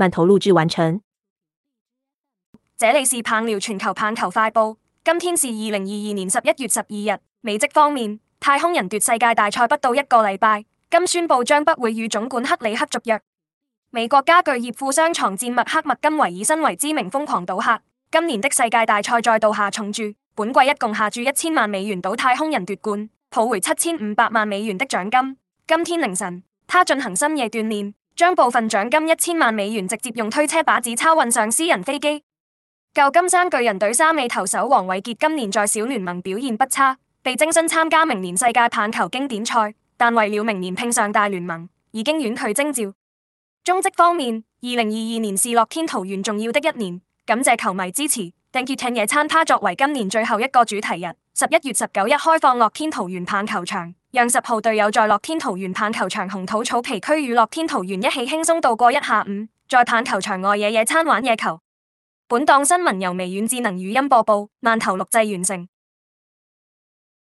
慢投錄製完成。這裏是棒聊全球棒球快報。今天是二零二二年十一月十二日。美職方面，太空人奪世界大賽不到一個禮拜，今宣布將不會與總管克里克續約。美國家具業富商床墊麥克麥金維爾身為知名瘋狂賭客，今年的世界大賽再度下重注，本季一共下注一千萬美元賭太空人奪冠，抱回七千五百萬美元的獎金。今天凌晨，他進行深夜鍛煉。將部分獎金一千萬美元直接用推車把紙鈔運上私人飛機。舊金山巨人隊三尾投手王偉杰今年在小聯盟表現不差，被徵詢參加明年世界棒球經典賽，但為了明年拼上大聯盟，已經婉拒徵召。中職方面，二零二二年是樂天桃猿重要的一年，感謝球迷支持，訂杰艇野餐趴作為今年最後一個主題日。十一月十九日開放樂天桃園棒球場，讓十號隊友在樂天桃園棒球場紅土草皮區與樂天桃園一起輕鬆度過一下午，在棒球場外野野餐、玩野球。本檔新聞由微軟智能語音播報，慢投錄製完成。